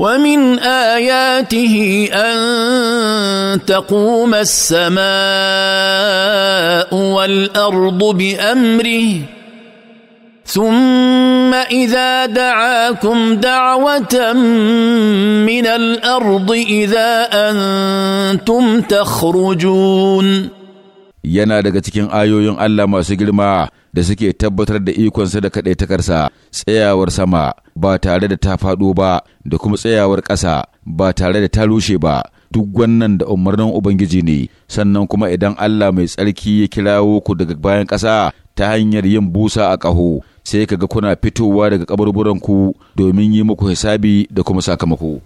ومن اياته ان تقوم السماء والارض بامره ثم اذا دعاكم دعوه من الارض اذا انتم تخرجون yana daga cikin ayoyin Allah masu girma da suke tabbatar da ikonsa da takarsa tsayawar sama ba tare da ta faɗo ba da kuma tsayawar ƙasa ba tare da ta rushe ba duk wannan da umarnin Ubangiji ne sannan kuma idan Allah mai tsarki ya kirawo ku daga bayan ƙasa ta hanyar yin busa a ƙaho sai kaga kuna fitowa daga ku domin yi muku hisabi da kuma sakamako.